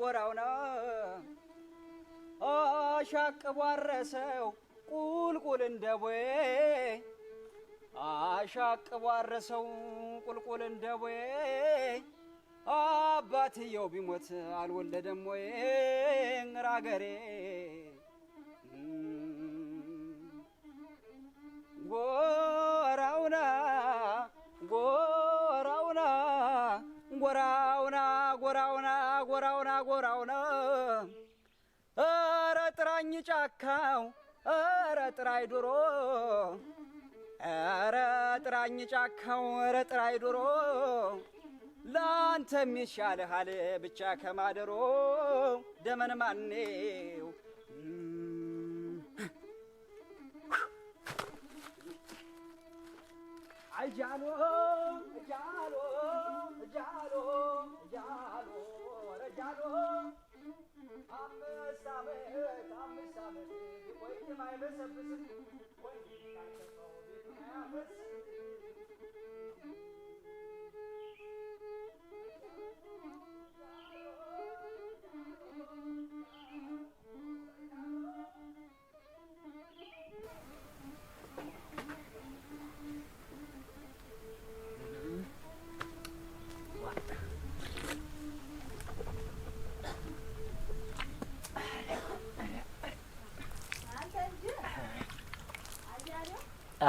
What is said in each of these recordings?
ጎራው ነው አሻቅቦ አረሰው ቁልቁል እንደ ቦዬ አሻቅቦ አረሰው ቁልቁል እንደ ቦዬ አባትየው ቢሞት አልወለደም ወይ እንራገሬ ጎራውና ጎራው ነው። ኧረ ጥራኝ ጫካው፣ ኧረ ጥራይ ዱሮ፣ ኧረ ጥራኝ ጫካው፣ ረጥራይ ጥራይ ዱሮ፣ ለአንተ የሚሻልሃል ብቻ ከማደሮ ደመን ማኔው አጃሎ best episode. What?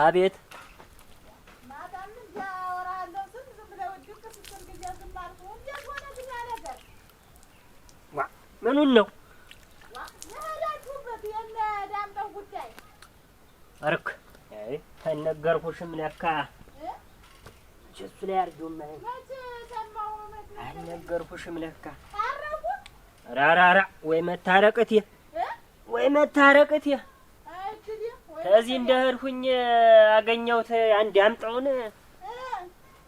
አቤት ምኑን ነው አርክ ተነገርኩሽ። ምን ያካ እሱ ላይ አርጊው ማለት አልነገርኩሽ። ምን ያካ ራራራ ወይ መታረቅት ወይ መታረቅት ከዚህ እንደ ሄድኩኝ አገኘሁት። አንድ ያምጣውን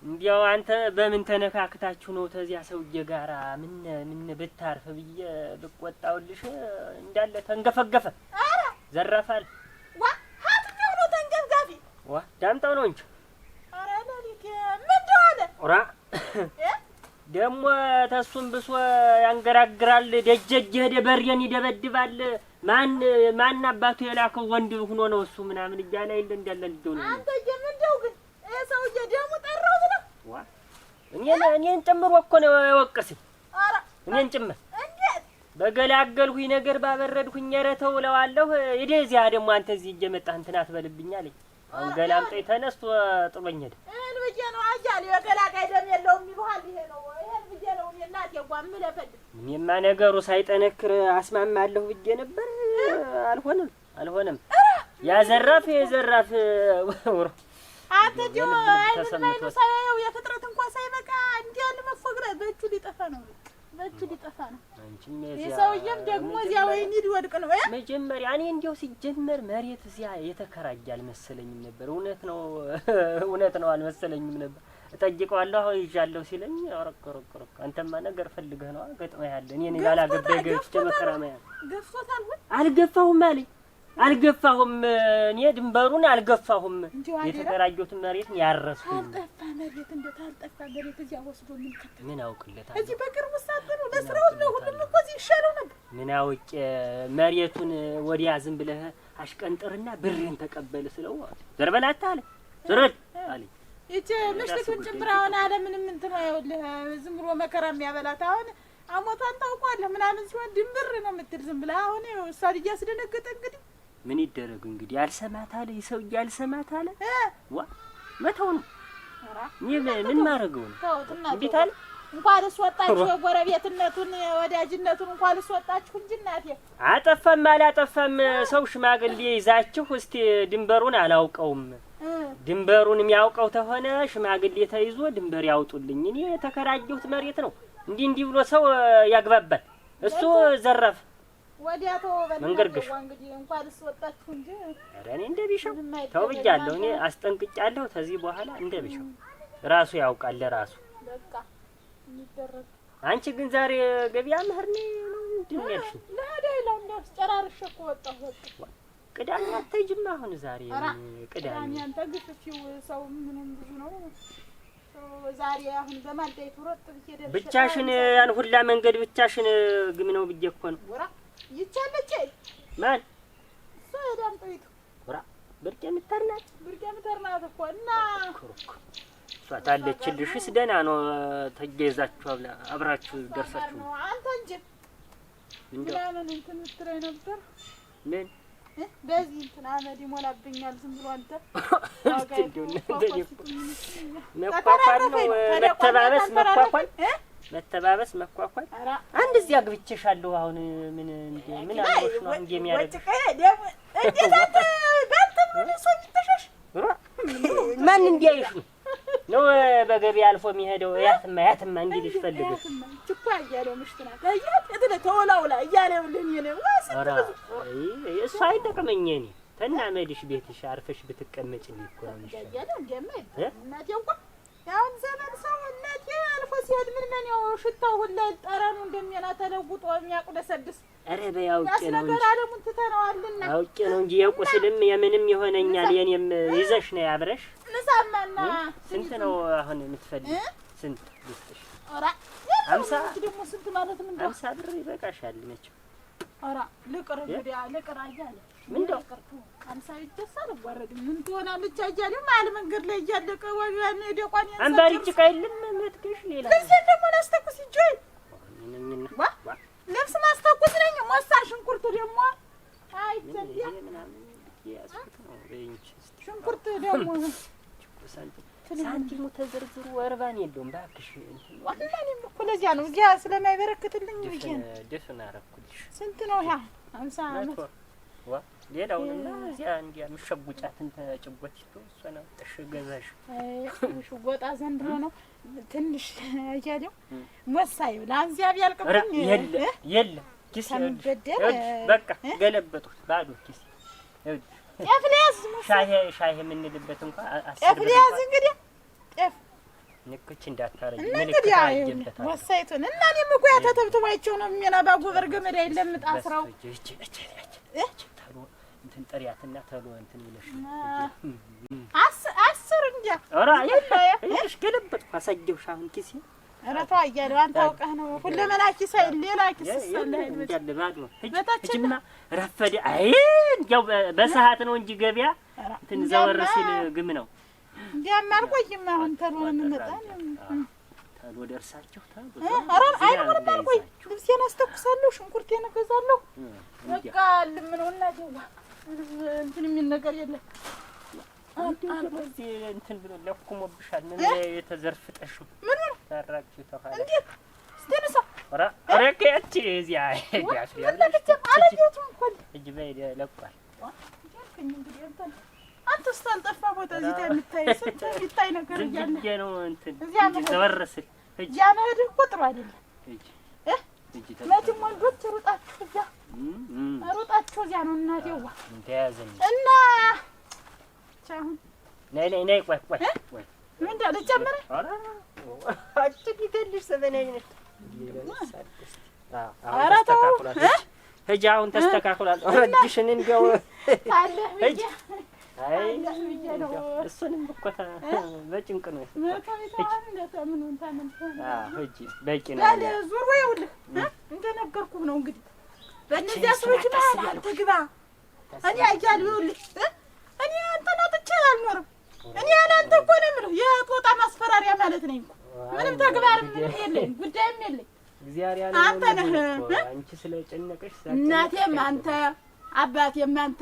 እንዲያው አንተ በምን ተነካክታችሁ ነው ተዚያ ሰውዬ ጋራ ምን ምን ብታርፍ ብዬ ብቆጣውልሽ እንዳለ ተንገፈገፈ፣ ዘረፋል። ዋ ነው ተንገፍጋፊ። ዋ ዳምጣው ነው እንጂ ኧረ ምን ደግሞ ተሱን ብሶ ያንገራግራል። ደጀጀ ሄደ በሬን ይደበድባል። ማን ማን አባቱ የላከው ወንድ ሆኖ ነው እሱ ምናምን እያለ አይደል እንዳለ ልደው ነው። አንተ የምንደው ግን ይሄ ሰውዬ ደሙ ጠራው ብለህ እኔን እኔን ጭምር እኮ ነው የወቀሰኝ። ኧረ እኔን ጭምር እንዴት በገላገልሁኝ ነገር ባበረድሁኝ። የረተው ተው እለዋለሁ። ሂድ እዚያ ደግሞ አንተ እዚህ እየመጣህ እንትን አትበልብኝ አለኝ። አሁን ገላምጠኝ ተነስቶ ጥሎኝ ሄደ። እህል ብዬሽ ነው አያሌው የገላጋይ ደም የለውም ይሉሃል። ይሄ ነው እኔማ ነገሩ ሳይጠነክር አስማማለሁ ብዬ ነበር። አልሆነም አልሆነም። ያዘራፍ የዘራፍ አንተ ዲው አይኑን አይኑ ሳያየው የፍጥረት እንኳን ሳይበቃ እንዲያል መፎግረ በእጁ ሊጠፋ ነው። በእጁ ሊጠፋ ነው። የሰውዬም ደግሞ እዚያ ወይኒ ሊወድቅ ነው። መጀመሪያ እኔ እንዲያው ሲጀመር መሬት እዚያ የተከራያል መሰለኝም ነበር። እውነት ነው እውነት ነው አልመሰለኝም ነበር እጠይቀዋለሁ አሁን ይዣለሁ ሲለኝ ረኮ ረኮ ረኮ አንተማ ነገር ፈልገህ ነው ገጥሞ ያለ እኔ ባላገባኝ ገብቼ መከራመያ ገፍቶታል። አልገፋሁም አለኝ። አልገፋሁም እኔ ድንበሩን አልገፋሁም። የተደራጀሁትን መሬት ያረስኩ አልጠፋ መሬት እንደት አልጠፋ መሬት እዚያ ወስዶ ምን አውቅለታል። እዚህ በቅርቡ ሳትሉ ለስራው ነው ሁሉም እኮ እዚህ ይሻለው ነበር። ምን አውቄ መሬቱን ወዲያ ዝም ብለህ አሽቀንጥርና ብሬን ተቀበል ስለው ዘርበላታ አለ ዝርድ አለኝ ይቺ ምሽቱን ጭምር አሁን አለምንም እንትን ይኸውልህ፣ ዝም ብሎ መከራ የሚያበላት አሁን አሞቷን ታውቋለህ ምናምን ሲሆን ድንብር ነው የምትል ዝም ብለህ አሁን እሷን እያስደነገጠ እንግዲህ ምን ይደረግ እንግዲህ ያልሰማት አለ ይህ ሰውዬ አለ። ዋ መተው ነው ምን ማድረገው ነው? እንዴት አለ እንኳን ልስወጣችሁ ጎረቤትነቱን ወዳጅነቱን እንኳን ልስወጣችሁ እንጂ እናቴ አጠፋም አላጠፋም ሰው ሽማግሌ ይዛችሁ እስቲ ድንበሩን አላውቀውም ድንበሩን የሚያውቀው ተሆነ ሽማግሌ ተይዞ ድንበር ያውጡልኝ፣ እኔ የተከራየሁት መሬት ነው፣ እንዲህ እንዲህ ብሎ ሰው ያግባባል። እሱ ዘረፍ ወዲያ መንገርግሽ ኧረ እኔ እንደ ቢሸው ተው ብያለሁ፣ እኔ አስጠንቅጫለሁ። ከዚህ በኋላ እንደ ቢሸው ራሱ ያውቃል ለራሱ። አንቺ ግን ዛሬ ገበያ ምህር ነው እንድንያልሽ ለዳ ይለው እንዲያስጨራርሽ እኮ ወጣሁ ወጣሁ ቅዳሜ አትሄጂም? አሁን ዛሬ ቅዳሜ አንተ ግፍፊው ሰው ምንም ብዙ ነው። ዛሬ አሁን በማልዳይቱ ሮጥ ብዬሽ ብቻሽን ያን ሁላ መንገድ ብቻሽን ግም ነው ብዬ እኮ ነው። ይቻለች ማን እሱ ጠይቱ ራ ብርቅ የምታርናት ብርቅ የምታርናት እኮ እና ታለችልሽስ ደህና ነው። አብላ አብራችሁ ደርሳችሁ አንተ እንጂ ምናምን እንትን የምትለኝ ነበር ምን በዚህ እንትን አመድ ይሞላብኛል። ዝም ብሎ አንተ መተባበስ መኳኳል መተባበስ መኳኳል። አንድ እዚህ አግብቼሻለሁ። አሁን ምን ምን አለሽ ነው እንዴ የሚያደርግ ማን እንዲያይሽ ነው ነው በገበያ አልፎ የሚሄደው። ያትማ ያትማ እንዲልሽ ፈልገሽ እሱ አይጠቅመኝ እኔ ተናመድሽ ቤትሽ አርፈሽ ብትቀመጭ ነው እኮ እናቴ እንኳን ያሁን ዘመን ሰው ሰውነት አልፎ ሲሄድ ምን ምን ያው ሽታው ሁላ ጠረኑ እንደሚሆና ተለውጦ የሚያቁደሰድስ ኧረ በይ ነው እንጂ አለሙን ትተነዋልና አውቄ ነው እንጂ የቁስልም የምንም የሆነኛል። የኔም ይዘሽ ነው ያብረሽ ንሳማና ስንት ነው አሁን የምትፈልግ? ስንት ልስጥሽ? ኧረ አምሳ ደግሞ ስንት ማለት ምን አምሳ ብር ይበቃሻል። መቼም ኧረ ልቅር እንግዲህ ልቅር አያለ ምን ደው አምሳ ይደርሳ መንገድ ላይ እያለቀ ወያን ጭቃ የለም መትገሽ ሌላ ለዚህ ደግሞ ላስተኩስ ይጆይ ልብስ ማስተኩስ ነኝ። ሞሳ ሽንኩርት ደግሞ ሽንኩርት ደግሞ ሳንቲሙ ተዘርዝሩ እርባን የለውም እባክሽ። ዋላኔ እኮ ለዚያ ነው እዚያ ስለማይበረክትልኝ ብዬሽ ነው። ደፍን አደረኩልሽ። ስንት ነው ያ? አምሳ አመት ሌላውንማ እዚያ እንዲያ እንተ ጭጎት ይቶ እሷ ነው አውጥሽ ገዛሽ። ሽጎጣ ዘንድሮ ነው ትንሽ እያለው ወሳኝ ለአንዚያ ቢያልቅብኝ የለም የለም ኪስ በቃ ገለበጡት ባዶ ኪስ ጤፍ ሊያዝ ሻሄ ሻሄ የምንልበት እንኳ ጤፍ ሊያዝ እንግዲህ ጤፍ ንክች እንዳታረኝ እንግዲህ ወሳይቱን እና እኔም እኮ ያተተብትባቸው ነው የሚና ባጎበር ገመድ አይለምጥ አስራው እንትን ጥሪያትና ተሎ እንትን ይለሽ አስ አስር እንጂ ኧረ ይኸውልሽ ግልብጥ አሳየሁሽ። አሁን ኪሴ ኧረ ተው እያለሁ አንተ አውቀህ ነው ሁሉ መላ ኪስ ሌላ ኪስ ሰለህ ባዶ ሂጂማ ረፈደ። አይ እንዲያው በሰዓት ነው እንጂ ገበያ እንትን ዘወር ሲል ግም ነው። እንዲያማ አልቆይም። አሁን ተሎ እንመጣ ተሎ ደርሳቸው ተሎ ኧረ አይደለም አልቆይ ልብሴን አስተኩሳለሁ፣ ሽንኩርቴን እገዛለሁ። በቃ ልምነውና ደዋ ምንም እንትን የሚል ነገር የለም። እንትን ብሎ ለኩሞብሻል። ምን የተዘርፍጠሽ ምን ነው አይደለም። መቼም ወንዶች ሩጣችሁ እዚያ ሩጣችሁ እዚያ ነው። እናቴዋ እና አሁን ነይ ቆይ ቆይ ቆይ ምንድን ነው ልጨምረህ? ኧረ ተው ሂጂ፣ አሁን ተስተካክሏል። ረጅሽን እንዲያው ሂጂ እሱንም እኮ በጭንቅ ነው በቂ ነው። ዙር ይኸውልህ እንደነገርኩህ ነው እንግዲህ በእነዚያ ሰዎች መሀል አንተ እኔ አያለሁ ይኸውልህ እኔ አንተን አጥቼ አልኖርም። እኔ ያለ አንተ እኮ ነው የምልህ የጦጣ ማስፈራሪያ ማለት ነኝ እኮ ምንም ተግባርም ምንም የለኝ ጉዳይም የለኝ አንተ ነህ እናቴም አንተ አባቴም አንተ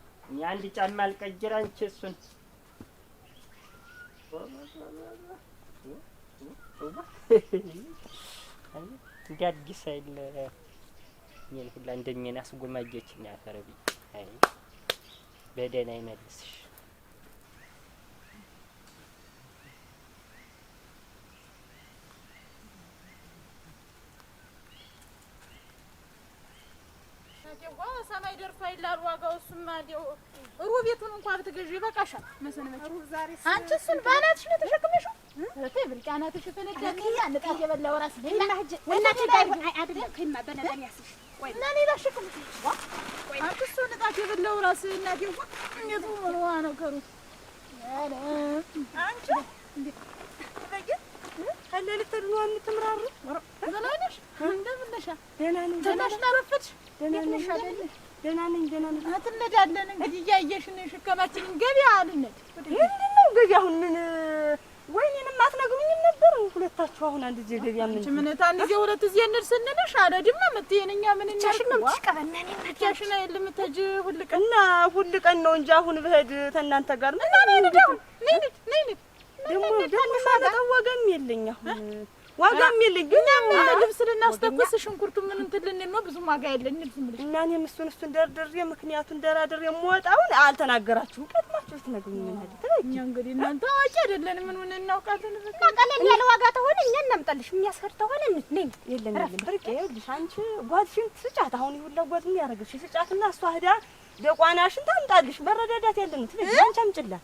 አንድ ጫማ አልቀይር አንቺ እሱን እንደ አዲስ ሁላ እንደኛ ጎማጆች ያፈረብኝ። አይ በደህና ይመልስሽ። ዋ ሰማይ ደርሶ ይላል ዋጋው። እሱማ እንዲያው ሩብ ቤቱን እንኳ ብትገዢው ይበቃሻል። መሰንበት አንቺ እሱን በአናትሽ ነው ተሸክመሽው የበላ ደህና ነሽ አይደል? ደህና ነኝ፣ ደህና ነኝ። አትነዳለን እንግዲህ እያየሽን ሽከማችንን ገበያ አልነት ምንድን ነው ገበያ? አሁን ምን ወይኔንም አትነግሩኝም ነበር ሁለታችሁ። አሁን አንድ ጊዜ ገበያ ምን ምነት አንድ ጊዜ ሁለት ጊዜ እንሂድ ስንልሽ አልሄድም ነው የምትይኝ። እኛ ምን ቻሽን ነው የምትሽቀበና ቻሽን አይደለም የምትሄጂ ሁል ቀን እና ሁል ቀን ነው እንጂ አሁን ብሄድ ተናንተ ጋር ነው። እና ነይ እንሂድ፣ አሁን ነይ እንሂድ፣ ነይ እንሂድ ደግሞ ደግሞ ሳጠወገም የለኝ አሁን ዋጋ የሚልኝ እኛም ልብስ ልናስተኩስ ሽንኩርቱ ምን እንትን ልንል ነው። ብዙም ዋጋ የለን እንልፍምልሽ እና እኔም እሱን እሱን ደርድሬ ምክንያቱን ደራድሬ የምወጣውን አልተናገራችሁም። ቀድማችሁ ምን ምናል እኛ እንግዲህ እናንተ አዋቂ አይደለን። ምን ምን እናውቃለን። እና ቀለል ያለ ዋጋ ተሆነ እኛ እናምጣልሽ። የሚያስፈር ተሆነ ነኝ የለን የለን ብርቄ ልሽ አንቺ ጓዝሽን ስጫት። አሁን ይሁላ ጓዝ የሚያደርግሽ ስጫትና እሷ ህዳ ደቋናሽን ታምጣልሽ። መረዳዳት ያለን ትልጅ አንቺ አምጭላት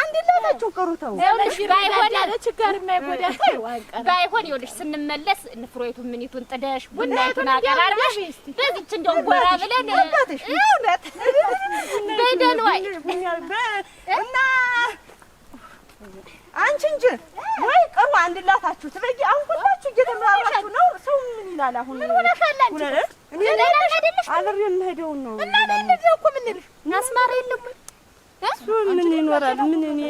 ናቸው ቀሩት። ባይሆን ይኸውልሽ ስንመለስ ንፍሮይቱን ምኒቱን ጥደሽ ቡናይቱን አቀራርበሽ በዚች እንደው ጎራ ብለን በደን ወይ እና አንቺ እንጂ ወይ ቀሩ አንድ ትበጊ አሁን ሁላችሁ እየተመራራችሁ ነው። ሰው ምን ይላል? አሁን ምን ሆነሻላችሁ? እኔ አለሬ የምሄደውን ነው እና እኔ እኮ ምን ልሽ ናስማር የለም ምን ይኖራል? ምን እኔ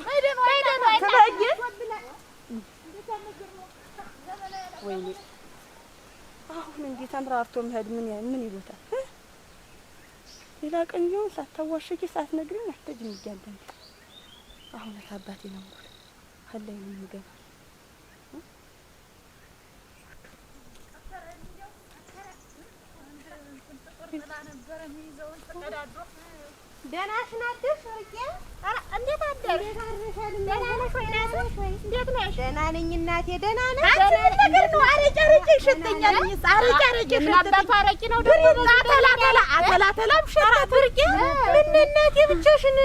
ተለያየ። ወይኔ አሁን እንዴት አምራርቶ መሄድ ምን ምን ይሉታል? ሌላ ቀን ቢሆን ሳታዋሸቂ ሳትነግሪኝ አትሄጂም እያለኝ አሁን አባቴ ነው ከላይ ነው የሚገባ ነበረ ደህና ሽን አደርሽ እንዴት አደርሽ? ደህና ነሽ ወይ ናት? እንዴት ነሽ? ደህና ነኝ እናቴ፣ ደህና ነሽ? ነገር ነው? አረቄ አረቄ ይሸተኛል። አረቄ አረቄ አባቱ አረቄ ነው ደግሞ አተላ ተላ አተላ ተላም ሸታት ወርቄ። ምን እናቴ ብቻሽን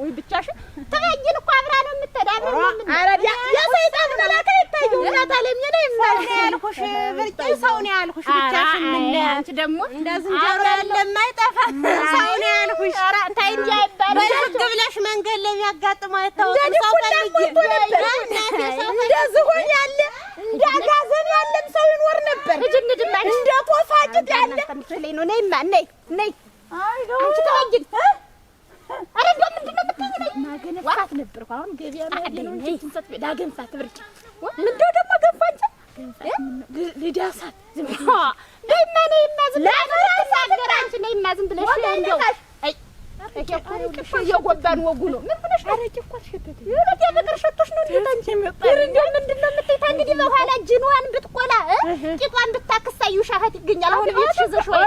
ወይ ብቻሽን ትበይን እኮ አብራ ነው የምትሄድ አብረን ነው የምንሄድ። ኧረ ያ መላክ ያልኩሽ ብርቅ ሰው ነው ያልኩሽ። ብቻሽን አንቺ ደግሞ እንደ ዝንጀሮ ለማይጠፋ ሰው ነው ያልኩሽ። ተይ እንጂ አይባልም። በልግ ብለሽ መንገድ ለሚያጋጥመው አይታወቅም። ሰው እንደዚህ ሆኖ ያለ እንደ አጋዘን ያለም ሰው ይኖር ነበር። እንደ ፖፋጭት ያለ ነይማ ነይ ነይ አንቺ ተወጊድ ኧረ እንደው ምንድን ነው ማገነፋት ነበርኩ። አሁን ገበያ ላገንፋት ብርጭ ምንድነው ደግሞ ገንፋንጭ ልዳሳት የጎባን ወጉ ነው። ምን ብለሽ አረቄ እኮ አልሸተተኝ። የእውነት የፍቅር ሸቶሽ ነው። እንደው ምንድን ነው የምትይታ? እንግዲህ በኋላ ጅንዋን ብትቆላ ቂጧን ብታክሳ ሻሀት ይገኛል። አሁን ቤትሽ ይዘሽ ወይ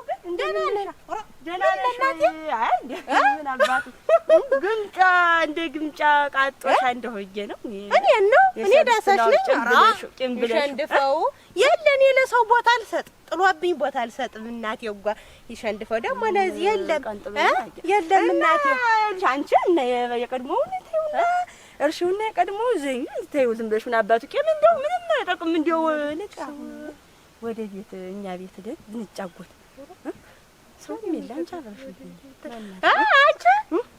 ግምጫ እንደ ግምጫ ቃጦሻ ነው። ነው እኔ ዳሳሽ ነኝ። ይሸንድፈው የለ እኔ ለሰው ቦታ አልሰጥም፣ ጥሎብኝ ቦታ አልሰጥም። እናቴ ጓ ይሸንድፈው ደግሞ ለዚህ የለም የለም እናቴ አንቺ የቀድሞውን እርሺውና የቀድሞው ዘኝ ተይው። ዝም ብለሽ ምን አባቱ ቄም እንደው ምንም አይጠቅም። እንደው ወደ ቤት እኛ ቤት ደግ እንጫጎት ሰውም የለ አንቺ አብረሽኝ አንቺ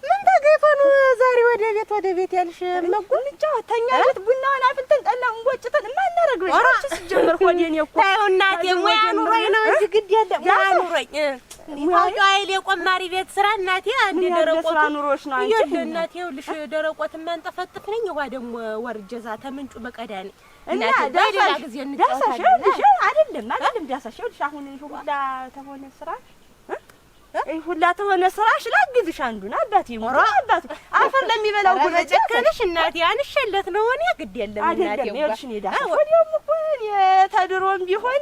ምን ተገይቶ ነው ዛሬ ወደ ቤት ወደ ቤት ያልሽ? መጉልጫ ተኛ ቤት ቡናውን አፍልተን ጠላውን ጎጭተን ማናረግ ነው አንቺ ሲጀመር ሆዴ እኔ እኮ ታየው እናቴ ሙያ ኑሮኝ ነው እንጂ ግድ የለ ሙያ ኑሮኝ ታውቂዋለሽ። የቆማሪ ቤት ስራ እናቴ አንድ ደረቆት ስራ ኑሮሽ ነው አንቺ እናቴ ይኸውልሽ ደረቆት የማንጠፈጥፍ ነኝ ውሃ ደግሞ ወርጄ ተምንጩ በቀዳ ነኝ እና ዳሳሽ አይደለም አይደለም ዳሳሽ ይኸውልሽ አሁን ሁላ ተሆነ ስራ ሁላ ተሆነ ስራሽ ላግዝሽ አንዱን አባቴ ሞራ አባቱ አፈር ለሚበላው ጉልበጨከነሽ እናቴ አንሸለት ነው እኔ ግድ የለም እናቴ ወዲያውም እኮ ተድሮም ቢሆን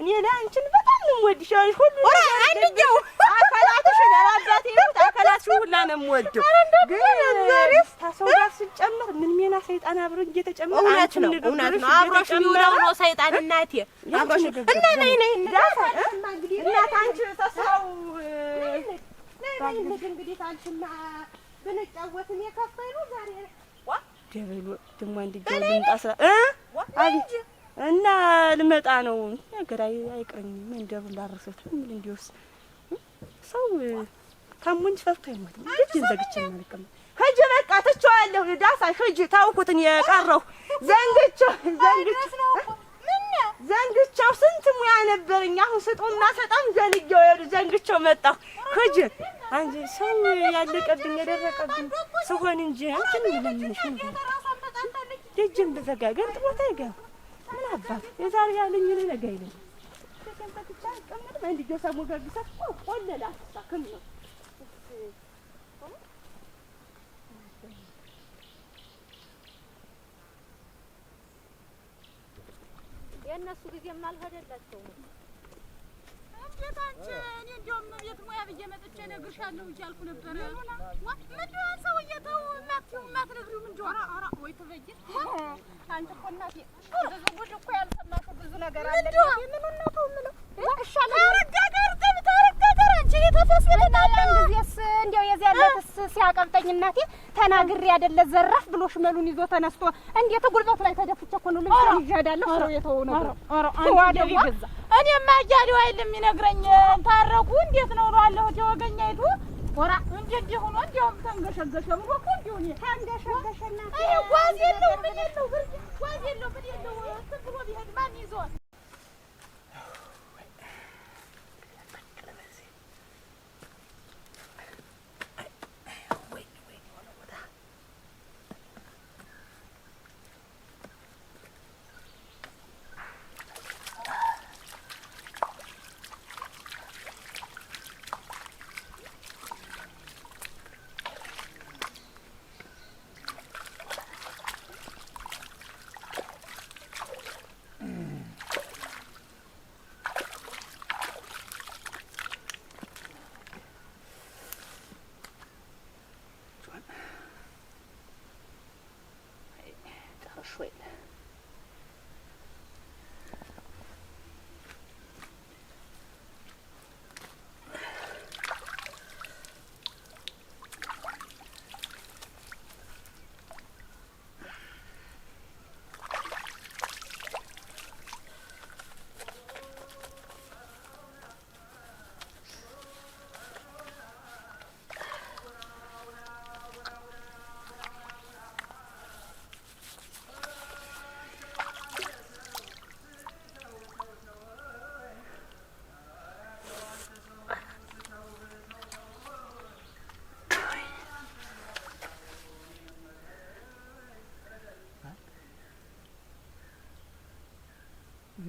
እኔ ለአንቺን በጣም ነው የምወድሽ። ሁሉ አንድኛው አካላትሽን አባቴ ይሁት አካላትሽ ሁላ ነው የምወደው። ግን ታሰው ጋር ስጨምር ምን ሜና ሰይጣን አብሮኝ እየተጨመረ እውነት ነው እውነት ነው። አብሮሽ የሚውለው ነው ሰይጣን። እናቴ አብሮሽ እና ነይ ነይ እናት አንቺ ተስራው እንግዲህ አንቺና ብንጫወት እኔ ከፋይ ነው ዛሬ ደበሎ ድሞ አንድ ጃ ልንጣሳ አቤት እና ልመጣ ነው ነገር አይቀኝም። መንደሩ ላረሰት ምን እንዲውስ ሰው ታሞ እንጂ ፈርቶ አይሞትም። ልጅን ዘግቼ አልቀመጥም። ሂጂ በቃ ትቼዋለሁ። ዳሳ ሂጂ ታውኩትን የቀረው ዘንግቼው ዘንግቼው ዘንግቼው ስንት ሙያ ነበረኝ። አሁን ስጡና ሰጣም ዘንጌው ይሄዱ ዘንግቼው መጣሁ። ሂጂ አንጂ ሰው ያለቀብኝ የደረቀብኝ ስሆን እንጂ አንቺ ምን ለምንሽ ነው ደጅን በዘጋገር ጥቦታ ይገባ ምን አባት የዛሬ ያለኝ ነገ ይለኝ ተከንተቻ ቀምድ በእንዲጆ ሰሙ ገብሰ ቆለላ ሳክም ነው የእነሱ ጊዜ ማልሄደላቸው ነው ቤት አንቺ እኔ እንደውም ቤት ተናግሬ አይደለ ዘራፍ ብሎ ሽመሉን ይዞ ተነስቶ እንዴት ጉልበቱ ላይ ተደፍቼ እኮ ነው ልጅ ይዣዳለሁ ሰው የተወው ነገር ተዋደዋ እኔማ እያሌው አይልም ይነግረኝ። ታረቁ እንዴት ነው እለዋለሁ። የወገኛይቱ ወራ እንዲህ እንዲህ ሆኖ እንዲያውም ተንገሸገሸ ብሎ እኮ እንዲሁ እኔ ተንገሸገሸና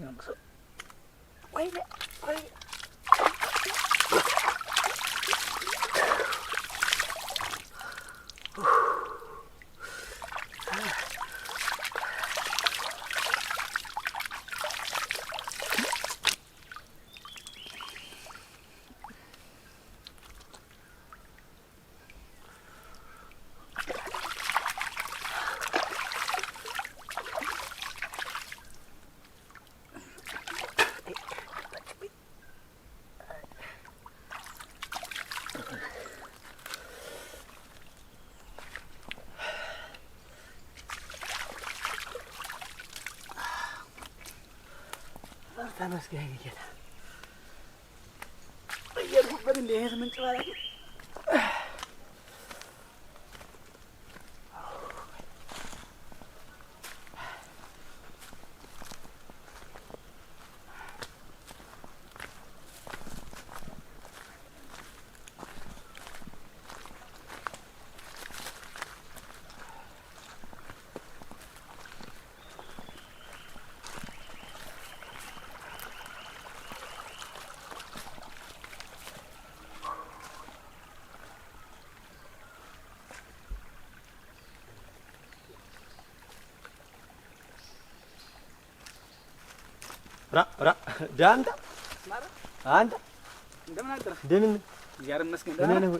yoksa. Wait, wait. ተመስገን ጌታ እየሄድኩበት እንደ ይሄ ምንጭ ማለት ራ ራ ዳምጣ አንተ እንደምን አደረህ? እንደምን እግዚአብሔር ይመስገን። ደህና ነህ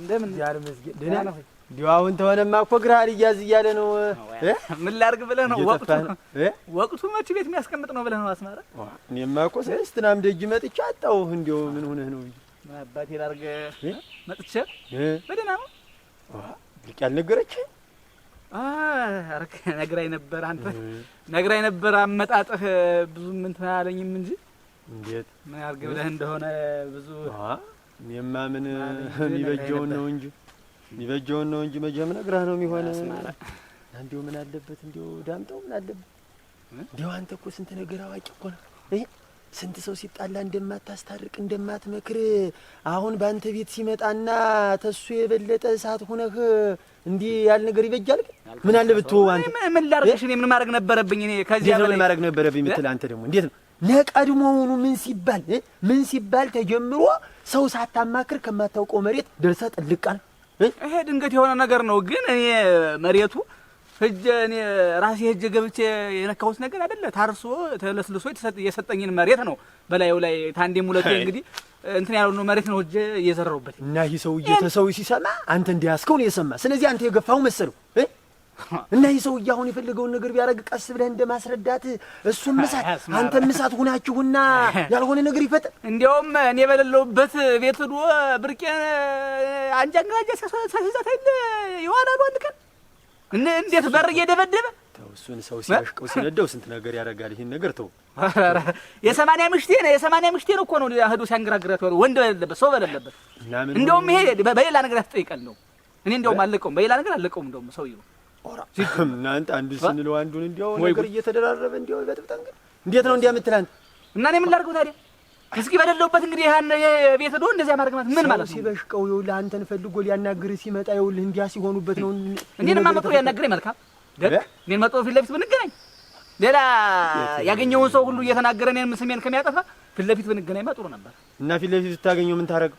እንደምን እግዚአብሔር ይመስገን። ደህና ነህ እንዲሁ አሁን ተሆነማ እኮ ግራህ እያለ ነው። ምን ላድርግ ብለህ ነው? ወቅቱ ወቅቱ መቼ ቤት የሚያስቀምጥ ነው ብለህ ነው አስማራ? እኔማ እኮ ናም ደጅ መጥቼ አጣሁህ። እንዲያው ምን ሆነህ ነው? አባቴ ላድርግ መጥቼ በደህና ነው ብቅ ያልነገረችህ ነግራኝ ነበር። አንተ ነግራኝ ነበር። አመጣጥህ ብዙም እንትን አላለኝም እንጂ እንዴት ምን አድርግ ብለህ እንደሆነ ብዙ እኔማ ምን የሚበጀውን ነው እንጂ የሚበጀውን ነው እንጂ መቼም ነግራህ ነው የሚሆነ። እንዲሁ ምን አለበት እንዲሁ ዳምጠው ምን አለበት እንዲሁ አንተ እኮ ስንት ነገር አዋቂ እኮ ነው ስንት ሰው ሲጣላ እንደማታስታርቅ እንደማትመክር አሁን በአንተ ቤት ሲመጣና ተሱ የበለጠ እሳት ሁነህ እንዲህ ያል ነገር ይበጃል። ምን አለ ብትሆ አንተ ምን ላርግሽ? እኔ ምን ማድረግ ነበረብኝ? እኔ ከዚህ ያለ ማድረግ ነበረብኝ የምትል አንተ ደግሞ እንዴት ነው ለቀድሞውኑ ምን ሲባል ምን ሲባል ተጀምሮ ሰው ሳታማክር ከማታውቀው መሬት ደርሰ ጥልቃል። ይሄ ድንገት የሆነ ነገር ነው። ግን እኔ መሬቱ ሂጅ እኔ ራሴ ሂጅ ገብቼ የነካሁት ነገር አይደለ። ታርሶ ተለስልሶ የሰጠኝን መሬት ነው በላዩ ላይ ታንዴ ሁለቴ እንግዲህ እንትን ያለው ነው መሬት ነው ሂጅ እየዘረሩበት እና ይህ ሰውዬ ተሰው ሲሰማ አንተ እንዲያስከው ነው የሰማ። ስለዚህ አንተ የገፋው መሰለው እና ይህ ሰውዬ አሁን የፈለገውን ነገር ቢያደርግ ቀስ ብለህ እንደ ማስረዳት እሱ ምሳት አንተ ምሳት ሁናችሁና ያልሆነ ነገር ይፈጠር። እንዲያውም እኔ በሌለሁበት ቤት ብርቄ አንጃ ብርቄን አንጃንግራጃ ሲያስይዛት ይዋላሉ አንድ ቀን እንዴት በር እየደበደበ እሱን ሰው ሲያሽቀው ሲነደው ስንት ነገር ያደርጋል። ይህን ነገር ተው። የሰማንያ ምሽቴ ነው የሰማንያ ምሽቴ ነው እኮ ነው ህዶ ሲያንገራግራት ወር ወንድ በሌለበት ሰው በሌለበት። እንደውም ይሄ በሌላ ነገር ያስጠይቀል ነው። እኔ እንደውም አለቀውም በሌላ ነገር አለቀውም። እንደውም ሰውዬው እናንተ አንዱ ስንለው አንዱን እንዲያው ነገር እየተደራረበ እንዲያው በጥብጠን እንዴት ነው እንዲያ የምትል እና እኔ ምን ላድርገው ታዲያ እስኪ በደለውበት እንግዲህ ያን የቤት ዶ እንደዚያ ማድረግ ማለት ምን ማለት ነው? ሲበሽቀው ይኸውልህ አንተን ፈልጎ ሊያናግር ሲመጣ ይኸውልህ እንዲያ ሲሆኑበት ነው። እኔንማ መጥሮ ያናግረኝ መልካም ደግ እኔን መጥሮ ፊት ለፊት ብንገናኝ ሌላ ያገኘውን ሰው ሁሉ እየተናገረ እኔን ስሜን ከሚያጠፋ ፊት ለፊት ብንገናኝማ ጥሩ ነበር። እና ፊት ለፊት ብታገኘው ምን ታረገው?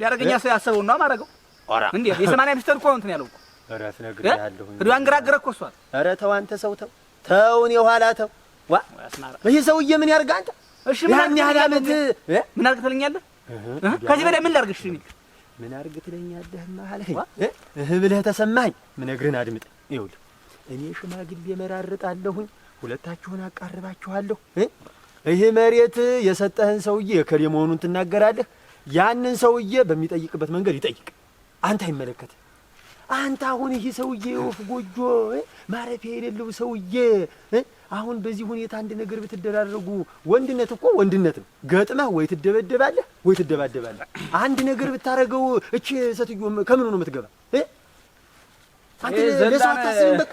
ሊያረገኛ ሰው ያሰበው ነው ማረገው። ኦራ እንዴ የሰማንያ ሚስተር እኮ እንትን ያለው እኮ ኦራ ስነግር ያለሁ እዱ አንገራገረ እኮ እሷል። ኧረ ተው አንተ ሰው ተው ተውን የኋላ ተው ዋ ይህ ሰውዬ ምን ያርጋ አንተ እሺ ምን ያህል ምን አድርግ ትለኛለህ? ከዚህ በላይ ምን ላድርግ? እሺ ምን አድርግ ትለኛለህ? ማለኝ እህ ብለህ ተሰማኝ። ምን እግርህን አድምጥ። ይኸውልህ እኔ ሽማግሌ የመራርጣለሁኝ፣ ሁለታችሁን አቃርባችኋለሁ። ይህ መሬት የሰጠህን ሰውዬ የከሌ መሆኑን ትናገራለህ። ያንን ሰውዬ በሚጠይቅበት መንገድ ይጠይቅ። አንተ አይመለከትህ። አንተ አሁን ይህ ሰውዬ ወፍ ጎጆ ማረፊያ የሌለው ሰውዬ አሁን በዚህ ሁኔታ አንድ ነገር ብትደራረጉ ወንድነት እኮ ወንድነት ነው። ገጥመህ ወይ ትደበደባለህ ወይ ትደባደባለህ። አንድ ነገር ብታረገው እቺ ሴትዮ ከምኑ ነው የምትገባ? አንተ ለሰው አታስብም። በቃ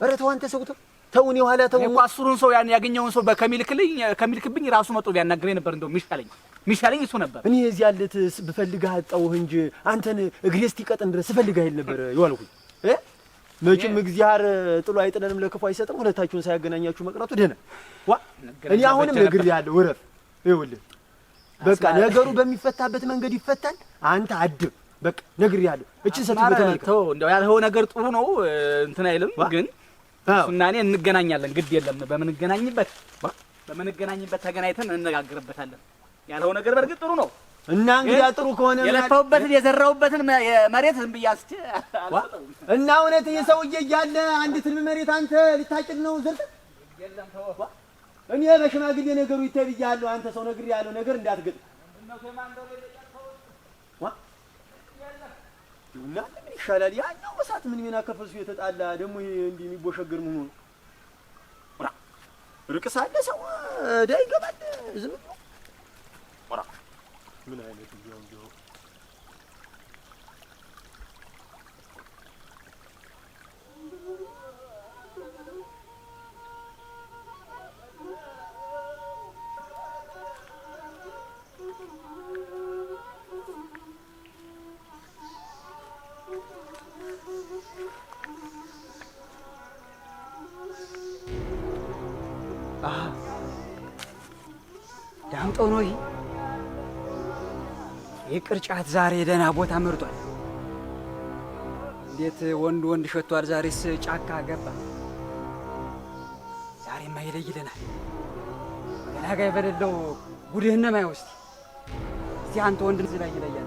ኧረ ተው አንተ ሰው ተው ተው። እኔ ኋላ ተው አስሩን ሰው ያን ያገኘውን ሰው በከሚልክልኝ ከሚልክብኝ ራሱ መጥቶ ቢያናግረኝ ነበር እንደው ሚሻለኝ ሚሻለኝ እሱ ነበር። እኔ እዚህ ያለት ብፈልግህ አጣሁህ እንጂ አንተን እግሬ እስኪቀጥን ድረስ እፈልግህ አይደል ነበር የዋልኩኝ እ መቼም እግዚአብሔር ጥሎ አይጥለንም፣ ለክፉ አይሰጥም። ሁለታችሁን ሳያገናኛችሁ መቅረቱ ደህና ዋ እኔ አሁንም ነግሬሃለሁ፣ እረፍ። ይኸውልህ በቃ ነገሩ በሚፈታበት መንገድ ይፈታል። አንተ አድብ በቃ ነግሬሃለሁ። እችን ሰት በተመልከ ተው፣ እንደው ያልኸው ነገር ጥሩ ነው፣ እንትን አይልም። ግን እሱና እኔ እንገናኛለን፣ ግድ የለም። በምንገናኝበት በምንገናኝበት ተገናኝተን እንነጋግርበታለን። ያልኸው ነገር በእርግጥ ጥሩ ነው። እና እንግዲህ ጥሩ ከሆነ የለፋሁበትን የዘራሁበትን መሬት ዝም ብዬ አስቼ እና እውነት የሰውዬ እያለ አንድ ትልም መሬት አንተ ልታጭድ ነው ዘርተ እኔ በሽማግሌ ነገሩ ይታይ ብያለሁ። አንተ ሰው ነግር ያለው ነገር እንዳትገጥም እና ምን ይሻላል? ያኛው እሳት ምን ሚና ከፈሱ የተጣላ ደግሞ እንዲህ የሚቦሸገር መሆኑ ነው። ርቅ ሳለ ሰው ዳ ይገባል ዝም ብሎ ምን አይነት ቢሆን ቢሆ ዳምጠው ነው ይሄ የቅርጫት ዛሬ ደህና ቦታ መርጧል። እንዴት ወንድ ወንድ ሸቷል። ዛሬስ ጫካ ገባ። ዛሬማ ይለይልናል። ገላጋይ የበደለው ጉድህነማ ይወስድ እስቲ አንተ ወንድ እዚህ ላይ ይለያል።